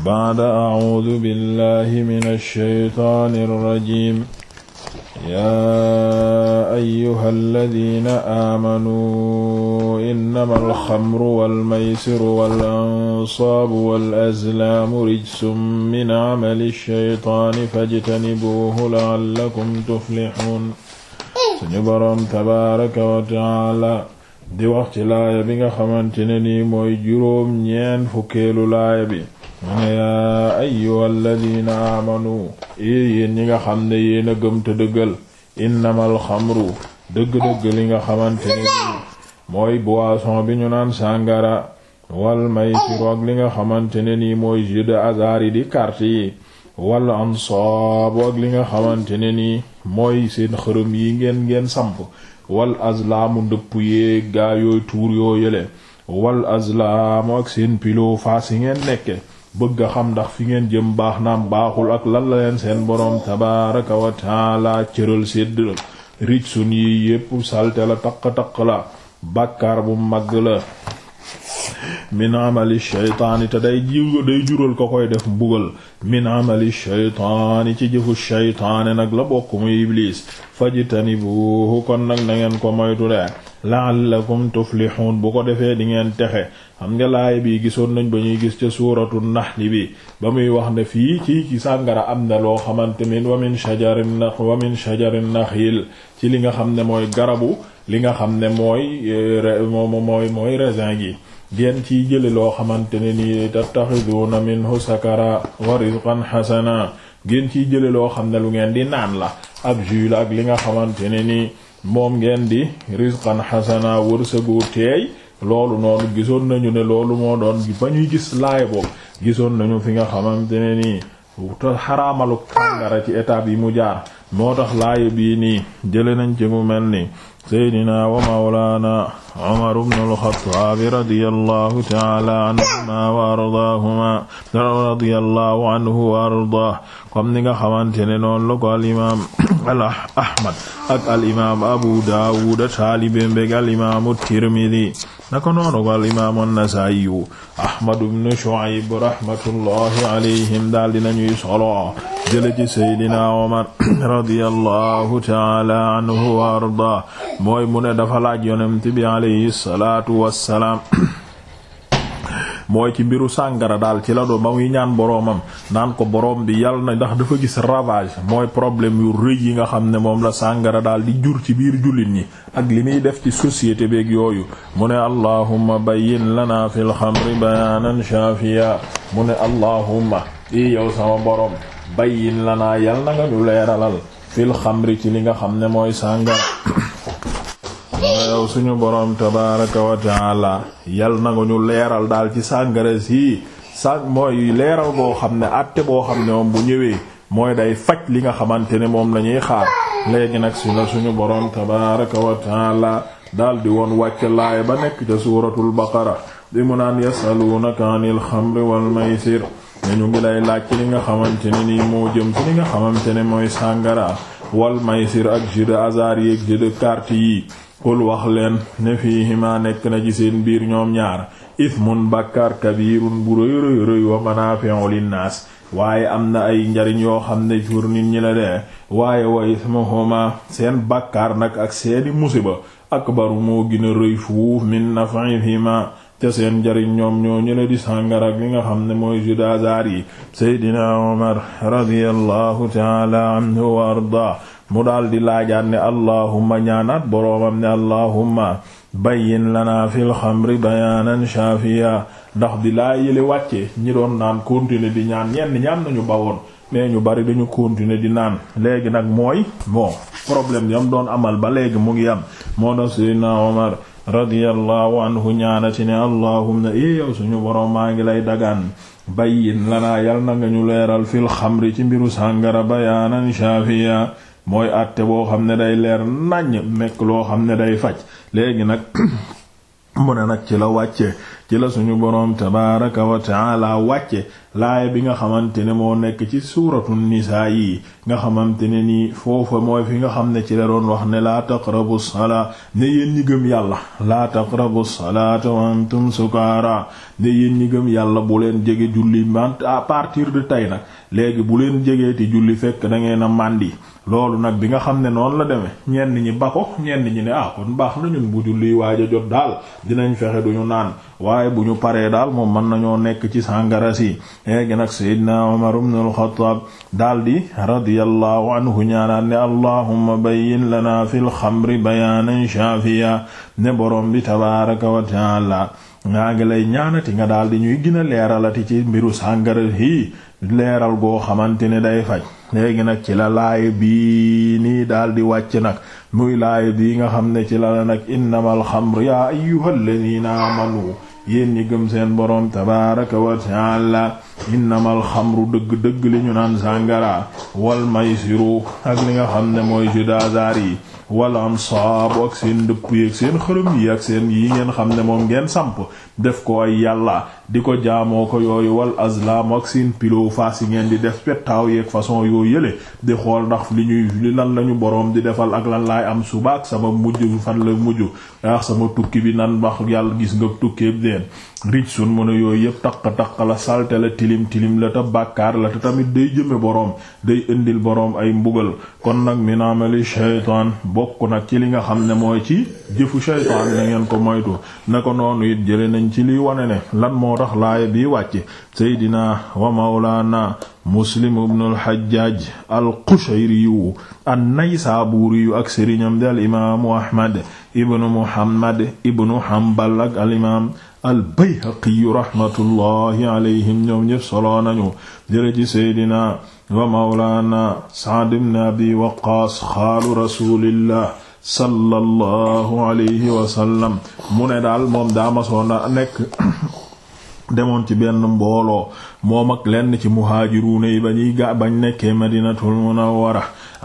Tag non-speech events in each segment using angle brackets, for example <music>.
baada acuudu billahi min alshaytaani alrajim yaa ayuha alladina aamanuu innama alxamru walmaysiru walansaabu walazlaamu rijsum min camali alshaytaani fajtanibuuhu lacallakum tuflixuun suñu boroom tabaaraka wa tacaala di wax ci laaya bi nga xamante ne nii mooy juróom ñeen fukkeelu laaya bi mu ne yaa ayyuha alladina aamanu eh, ñi nga xam ne yéen a gëm te dëggal innamal xamru dëgg-dëgg li nga xamante ne mooy boisson bi ñu naan sàngara wal maysiru ak li nga xamante ne nii mooy jeu de hasard li nga xamante ne nii mooy seen xërëm yi ngeen ngeen samp wal azlaamu ndëpp yee gaa yooyu tuur yoo yële wal azlaamu ak seen pilo faas yi ngeen nekke bëgg a xam ndax fi ngeen jëm baax naam baaxul ak lan la leen seen boroom tabaaraka wa taala cëral sédd ric sun yi yépp salte la taq-taq la bàkkaar bu mag la min amali shaytaani te day jiw day jural ko koy def mbugal min amali shaytaani ci jëfu shaytaane nag la bokk mu iblis fajtanibuhu kon nag na ngeen ko moytu de la'allakum tuflihun bu ko defee di ngeen texe xam nga laay bi gisoon nañ ba ñuy gis ca suuratu naxli bi ba muy wax ne fii ci ci sàngara am na loo xamante min wa min shajarin na wa min shajarin naxil ci li nga xam ne mooy garabu li nga xam ne mooy e, mooy mooy raisin gi ngeen ciy jële loo xamante ne nii tattaxiduuna minhu sakara wa rizqan xasana ngeen ciy jële loo xam ne lu ngeen di naan la ab jus ak li nga xamante ne nii moom ngeen di rizqan xasana wërsëgu teey loolu noonu gisoon nañu ne loolu moo doon ba ñuy gis laay gisoon nañu fi nga xamante ne nii te xaraamalu kàngara ci étape yi mu jaar moo tax laay bii nii jële nañ ci mu mel nii seydina wa mawlaana Umar ibn al-Khattaab radiyallahu ta'ala anhumaa wa ardaahumaa radiyallahu anhu wa ardaah comme ni nga xamante ne noonu la ko al imaam al Ahmad ak al imaam Abu Daawuud taalibe mbeg al imaam Tirmidi naka noonu ko al imaam an-Nasaa'i Ahmad ibn Shu'ayb rahmatullahi alayhim daal dinañuy solo jële ci Seydina Omar <coughs> radiyallahu ta'ala anhu wa arda mooy mu ne dafa laaj yonent bi alayhi salaatu wassalaam <coughs> mooy ci mbiru sàngara daal ci la doon ba muy ñaan boroomam naan ko boroom bi yal na ndax dafa gis ravage mooy problème yu rëy yi nga xam ne moom la sàngara daal di jur ci biir jullit ñi ak li muy def ci société beeg yooyu mu ne allahumma bayyin lana fil xamri bayaanan shafiya mu ne allahumma i yow sama boroom bayyin lanaa yal na nga ñu leeralal fil xamri ci li nga xam ne mooy sàngara yow suñu boroom tabaaraka wa taala yal na ñu leeral daal ci sàngara sii sàng mooy leeral boo xam ne àtte boo xam ne moom bu ñëwee mooy day faj li nga xamante ne moom la ñuy xaar léegi nag si la suñu boroom tabaaraka wa taala daal di woon wàcc ba nekk ca suuratul baqara di mu naan yasaluunaka anil xamri wal maysir ne ñu ngi lay laaj ci li nga xamante ne nii moo jëm ci li nga xamante ne mooy sàngara wal maysir ak jeu de ak jeu de carte yi qul wax leen ne fiihimaa nekk na ci seen biir ñoom ñaar ismun bàkkaar kabiirun bu rëy rëy rëy wa manaafi'u linnaas waaye am na ay njariñ yoo xam ne jur nit ñi la dee waaye wa ismuhuma seen bàkkaar nag ak seeni musiba akbaru moo gën a rëy fuuf min naf'ihima te seen njariñ ñoom ñoo ñële di sàngar ak li nga xam ne mooy jus yi seydina omar radiyallahu taala anhu wa arda mu daal di laajaat ne allahumma ñaanaat boroomam ne allahumma bayyin lana fil xamri bayaanan shaafiya ndax bi laa yële wàcce ñi doon naan continuer di ñaan ñenn ñaan nañu bawoon mais ñu bari dañu continuer di naan léegi nag mooy bon problème yam doon amal ba léegi mu ngi am moo doon Seydina Omar radiyallahu anhu ñaanati ne allahumma i yow suñu boroom maa ngi lay dagaan bayyin lana yal na nga ñu leeral fil xamri ci mbiru sàngara bayaanan shaafiya mooy àtte boo xam ne day leer naññ nekk loo xam ne day faj léegi nag <clears throat> mu ne nag ci la wàcce ci la suñu boroom tabaaraka wa laa wàcce laaya bi nga xamante ne moo nekk ci suuratu nisaa yi nga xamante ne nii foofa mooy fi nga xam ne ci la doon wax ne laa taqrabu salaa ne yéen ñi gëm yàlla laa taqrabu salaata wa antum sukaara ne yéen ñi gëm yàlla bu leen jege julli à partir de tey nag léegi bu leen jegee ti julli fekk da ngeen a màndi loolu nag bi nga xam ne noonu la demee ñenn ñi ba ko ñenn ñi ne ah kon baax na ñun bu julli waaj a jot daal dinañ fexe duñu naan waaye bu ñu paree daal moom mën nañoo nekk ci sàngara si léegi nag Seydina Umar ibn al di daldi radiyallahu anhu ñaanaan ne allahumma bayyin lana fil xamri bayaanan shaafiya ne borom bi tabaaraka wa ta'ala ngaa ngi lay ñaanati nga di ñuy gën a leeralati ci mbiru sàngara yi leeral goo xamante ne day faj léegi nag ci la laaya bii nii daal di wàcc nag muy laaya bii nga xam ne ci la la nag innamal xamru yaa ayyuhal ladina amanu yéen ñi gëm seen boroom tabaraka wa taala innamal xamru dëgg-dëgg li ñu naan sàngara wal maysiru ak li nga xam ne mooy jeu yi wala am saabu ak seen ndëpp yi ak seen xërëm yi ak seen yi ngeen xam ne moom ngeen samp def ko ay yàlla di ko jaamoo ko yooyu wal azlam ak seen pilo faas yi ngeen di def pettaaw yeeg façon yoo yële di xool ndax li ñuy li lan lañu boroom di defal ak lan laay am suba ak sama mujj fan la mujj ak sama tukki bi nan wax yàlla gis nga tukki deen rij sun mu ne yooyu yëpp taq-taq la salte la tilim tilim la te bàkkaar la te tamit day jëme boroom day indil boroom ay mbugal bokk nag ci li nga xam ne mooy ci jëfu shaytaan bi na ngeen ko moytu na ko noonu it jële nañ ci liy wane ne lan moo tax laaya bi wàcce seydina wa mawlaana muslim ibn al-Hajjaj al-Qushayri yu an-Naysaburi yu ak sëriñam di alimaamu ahmad ibnu muhammad ibnu hambal ak alimaam al-Bayhaqi rahmatullahi alayhim ñoom ñëpp solo nañu jële ci seydina wa mawlaana Sa'd ibn Abi Waqqaas xaalu rasuulillah sallallahu alayhi wa sallam mu ne daal moom daa masoon a nekk <coughs> demoon ci benn mbooloo moom ak lenn ci muhaajiruuna yi ba ñuy ga bañ nekkee Madinatul Munawwara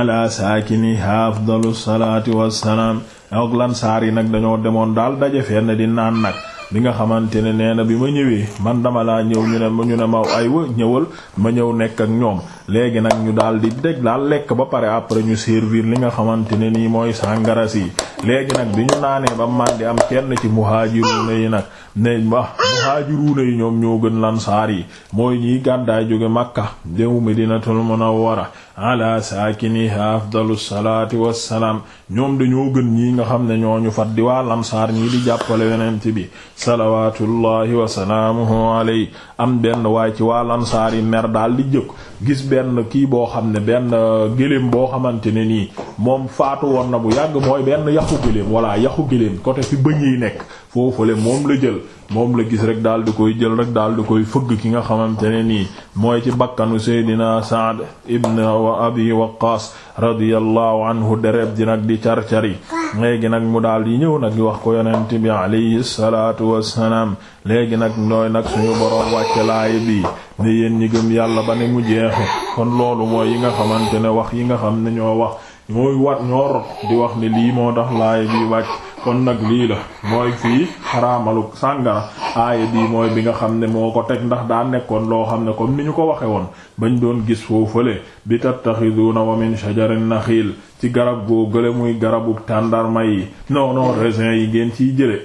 ala saakinihaa afdalu salaati wassalaam ak lan saar yi nag dañoo demoon daal daje fenn di naan nag bi nga xamante ne nee na bi ma ñëwee man dama laa ñëw ñu ne ñu ne ma ay wa ñëwal ma ñëw nekk ak ñoom léegi nag ñu daal di dég daal lekk ba pare après ñu servir li nga xamante ne nii mooy sàngaras yi léegi nag bi ñu naanee ba man di am kenn ci na yi nag ne wax muhaajiruuna yi ñoom ñoo gën lansaar yi mooy ñiy gàddaay jóge màkka Makka jëw Madinatul Munawwara ala saakiniha afdalu salaati wassalaam ñoom dañoo gën ñii nga xam ne ñoo ñu fat di waa lansaar ñii di jàppale yonent bi salawaatullahi wa salaamuhu am benn waaye ci waa lansaar yi mer daal di jëkk gis benn kii boo xam ne benn uh, gëléem boo xamante ne nii moom faatu woon na bu yàgg mooy benn yaxu gëléem walla yaxu gëléem côté fi bëñ yi nekk foofale moom la jël moom la gis rek daal di koy jël rek daal di koy fëgg ki nga xamante ne nii mooy ci bakkanu seydina Saad ibn wa Abi Waqqaas radiyallahu anhu dereb ji nag di car-cari léegi nag mu daal di ñëw nag wax ko yonent bi alayhi salaatu wassalaam léegi nag nooy nag suñu boroom wàcce laaya bi ne yéen ñi gëm yàlla ba ne mu jeexe kon loolu mooy yi nga xamante ne wax yi nga xam ne ñoo wax ñooy wat ñoo di wax ne lii moo tax laaya bi wàcc kon nag lii la mooy fii xaraamalu sàngara aaya bii bi nga xam ne moo ko teg ndax daa nekkoon loo xam ne comme ni ñu ko waxe woon bañ doon gis foofale bi tattaxiduuna wa min shajarin naxiil ci garab goo gële muy garabu tàndarma yi non non yi ngeen ciy jële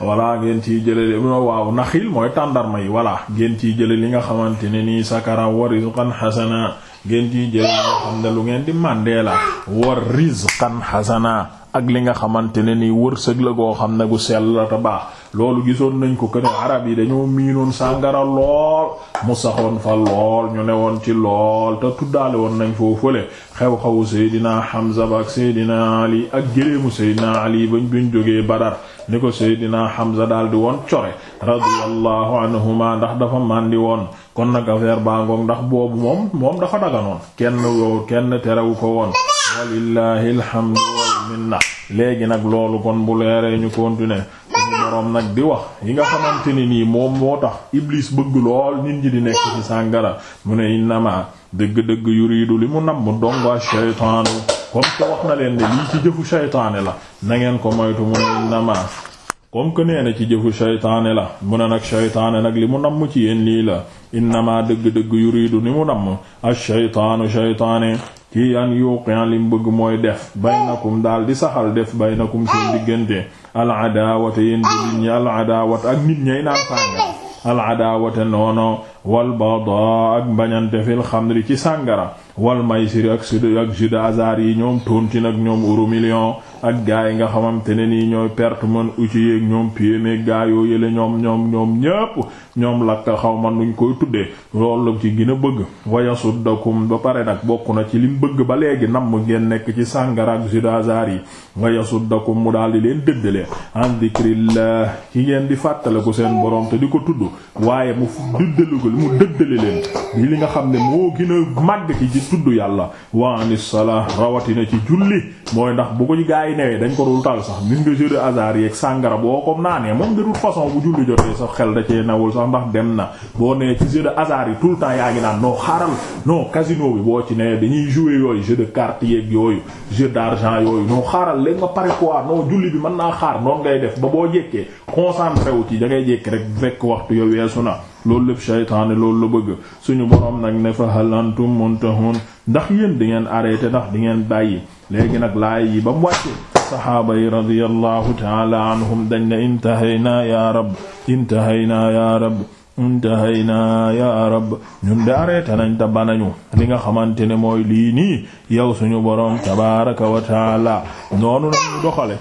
voilà ngeen ciy jële waaw naxil mooy tàndarma yi voilà ngeen ciy jële li nga xamante ne nii sakara wa rizqan xasana ngeen ciy jële li nga xam ne lu ngeen di màndee la wa rizqan xasana ak li nga xamante ne nii wërsëg la goo xam ne gu sell la te baax loolu gisoon nañ ko que ne arab yi dañoo miinoon sàngara lool mu saxoon fa lool ñu woon ci lool te tuddaale woon nañ foofule xew-xewu Seydina Hamza ba ak Seydina Ali ak jëleemu Seydina jógee Badar ni ko Seydina Hamza daal di woon core radiyallahu anhuma ndax dafa màndi woon kon nag affaire baa ngoog ndax boobu moom moom dafa daganoon kenn yow kenn terewu ko woon walillahi alhamdu wal minna léegi nag loolu kon bu leeree ñu continuer boroom nag di wax yi nga xamante ni nii moom moo tax iblis bëgg lool nit ñi di nekk ci sàngara mu ne innama dëgg-dëgg yuridu li mu nam mu dongo shaytaanu comme que wax na leen ne lii ci jëfu shaytaane la na ko moytu mu ne innama comme que nee ci jëfu shaytaane la mu ne nag shaytaane nag li mu namm ci yéen lii la innama dëgg-dëgg yuridu ni mu namm ash-shaytaanu shaytaane kii an yuqian li mu bëgg mooy def baynakum daal di saxal def baynakum seen diggante al-adaawata yéen di nit al-adaawata ak nit ñay naan sànga al-adaawata noono wal badaa ak bañante fil xamri ci sàngara wal maysiri ak sud ak jeu yi ñoom tontine ak ñoom euro million ak gaa yi nga xamante ne nii ñooy perte man outil ak ñoom PME gaa yoo yële ñoom ñoom ñoom ñépp ñoom lakk xaw man nuñ koy tuddee loolu ci bëgg a bëgg wayasuddakum ba pare nag bokk na ci lim bëgg ba léegi nam mu ngeen nekk ci sàngara ak jeu de hasard yi wayasuddakum mu daal di leen dëddale an dikrillah ki ngeen di fàttale ku seen boroom te di ko tudd waaye li mu dëddale leen bi li nga xam ne moo gën a màgg ci ci tudd yàlla wa ni salaa rawatina ci julli mooy ndax bu ko gaa yi newee dañ ko dul tal sax gis nga jeu de hasard yeeg sàngara boo ko ne moom de toute façon bu julli jotee sax xel da cee nawul sax ndax dem na boo nee ci jeu de hasard yi tout le temps yaa ngi naan noo xaaral non casino bi boo ci newee dañuy jouer yooyu jeu de cartes yeeg yooyu jeu d'argent yooyu non xaaral léegi nga pare quoi non julli mën naa xaar noonu ngay def ba boo jekkee concentré wu ci da ngay rek fekk waxtu yo weesu na loolu lépp shaytaane loolu la bëgg suñu boroom nag ne fa hal antum muntahun ndax yéen di ngeen arrêté ndax di ngeen bàyyi léegi nag laay yi ba mu wàcce saxaaba yi radiyallahu taala anhum dañ ne intahaynaa ya rab intahaynaa ya rab intahaynaa ya rab ñun de arrêté nañ te banañu li nga xamante ne mooy lii nii yow suñu boroom tabaraka wa taala noonu nañu doxale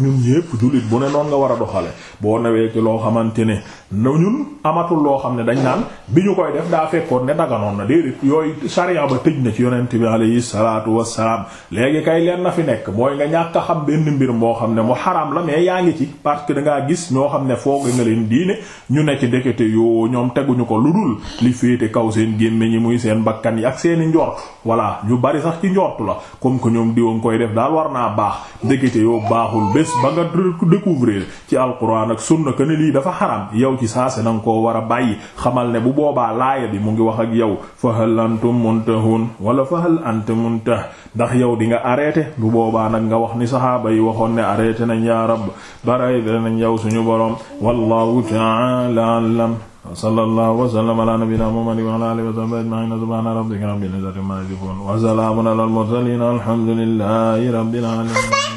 ñun ñépp jullit bu ne noon nga war a doxale boo newee ci loo xamante ne na ñun amatul loo xam ne dañ naan bi ñu koy def daa fekkoon ne daganoon na déedéet yooyu sariya ba tëj na ci yonent bi alayhi salaatu wassalaam léegi kay leen na fi nekk mooy nga ñàkk xam benn mbir moo xam ne mu xaraam la mais yaa ngi ci parce que dangaa gis ñoo xam ne foog nga leen diine ñu ne ci dekete yoo ñoom teguñu ko lu dul li féete kaw seen gémmiñ yi muy seen bakkan yi ak seeni njort voilà ñu bari sax ci njortu la comme que ñoom diwoon koy def daal war naa baax dekete yoo baaxul bés ba nga découvrir ci alquran alquran ak sunna que ne lii dafa xaram yow ci saase na nga koo war a bàyyi xamal ne bu boobaa laaya bi mu ngi wax ak yow fa hal antum muntahun wala fa hal antum muntah ndax yaw di nga arrêté bu boobaa nag nga wax ni saxaaba yi waxoon ne arrêté nañ ya rab barayte nañ yow suñu boroom wallahu ta'ala a'lam sallallahu wa sallam na nabiyyina muhammadin wa ala alihi wa na ajma'in subhana rabbika rabbil izzati amma yasifun wa salamun ala al mursalin alhamdulillahi rabbil alamin